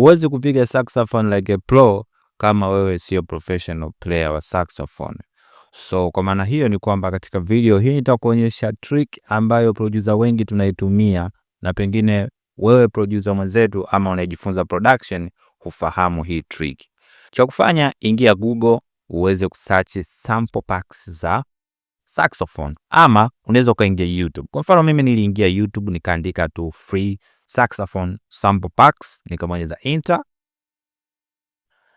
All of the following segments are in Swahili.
Huwezi kupiga saxophone like a pro kama wewe sio professional player wa saxophone. So kwa maana hiyo ni kwamba katika video hii nitakuonyesha trick ambayo producer wengi tunaitumia na pengine wewe producer mwenzetu ama unajifunza production hufahamu hii trick. Cha kufanya, ingia Google uweze kusearch sample packs za saxophone ama unaweza ukaingia YouTube. Kwa mfano mimi niliingia YouTube nikaandika tu free saxophone sample packs nikabonyeza enter,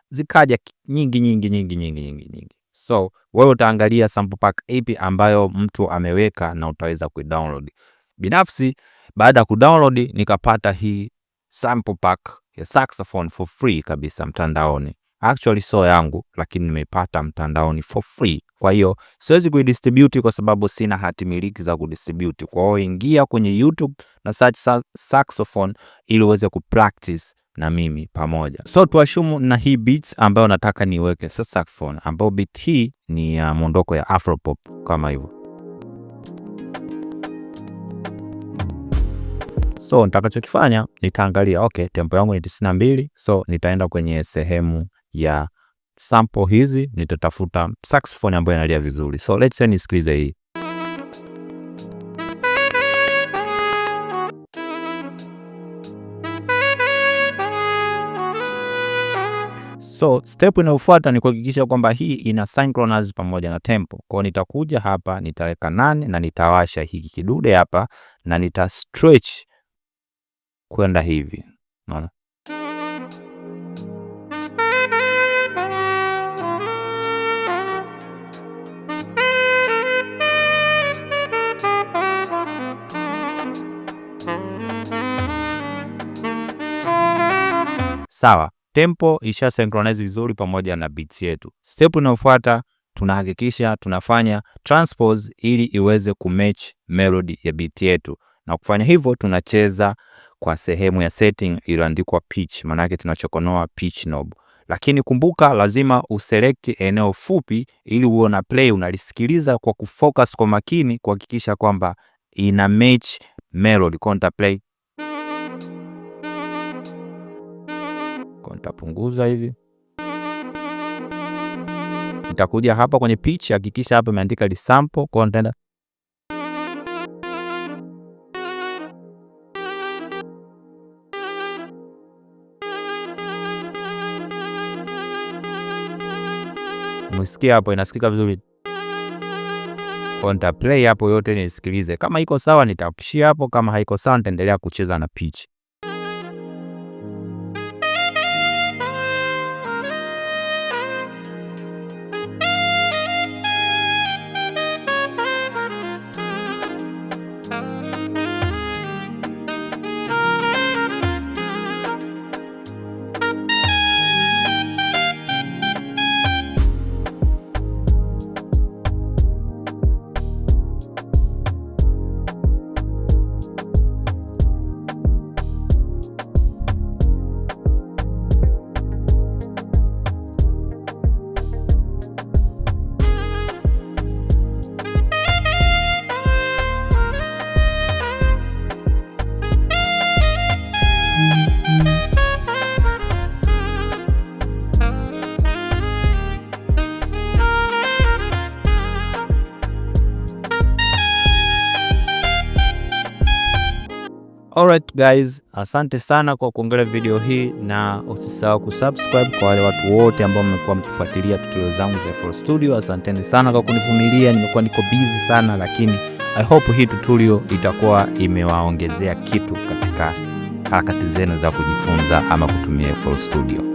zikaja nyingi nyingi nyingi nyingi nyingi nyingi. So wewe utaangalia sample pack ipi ambayo mtu ameweka na utaweza kuidownload. Binafsi baada ya kudownload nikapata hii sample pack ya saxophone for free kabisa mtandaoni actually sio yangu, lakini nimeipata mtandaoni for free. Kwa hiyo siwezi kuidistribute kwa sababu sina hati miliki za kudistribute. Kwa hiyo ingia kwenye YouTube na search saxophone ili uweze kupractice na mimi pamoja. So tuashumu na hii beats ambayo nataka niweke sa saxophone, ambayo beat hii ni ya uh, mondoko ya Afropop kama hivyo. So nitakachokifanya nitaangalia, okay, tempo yangu ni 92, so nitaenda kwenye sehemu ya sample hizi nitatafuta saxophone ambayo inalia vizuri. So let's say nisikilize hii. So step inayofuata ni kuhakikisha kwamba hii ina synchronous pamoja na tempo. Kwa hiyo nitakuja hapa nitaweka nane na nitawasha hiki kidude hapa na nita stretch kwenda hivi. Unaona? Sawa, tempo isha synchronize vizuri pamoja na beats yetu. Step inayofuata tunahakikisha tunafanya transpose ili iweze kumatch melody ya beat yetu, na kufanya hivyo tunacheza kwa sehemu ya setting iliyoandikwa pitch, yake tunachokonoa pitch knob. Lakini kumbuka lazima uselect eneo fupi ili uona play, unalisikiliza kwa kufocus kwa makini kuhakikisha kwamba ina match melody. Kwa nita play nitapunguza hivi, nitakuja hapa kwenye pitch. Hakikisha hapa imeandika resample, kwa nitaenda Msikia hapo inasikika vizuri. Kwa nita play hapo yote nisikilize, kama iko sawa nitapishia hapo, kama haiko sawa nitaendelea kucheza na pitch. Alright guys, asante sana kwa kuangalia video hii na usisahau kusubscribe kwa wale watu wote ambao mmekuwa mkifuatilia tutorial zangu za FL Studio. Asanteni sana kwa kunivumilia, nimekuwa niko busy sana, lakini I hope hii tutorial itakuwa imewaongezea kitu katika harakati zenu za kujifunza ama kutumia FL Studio.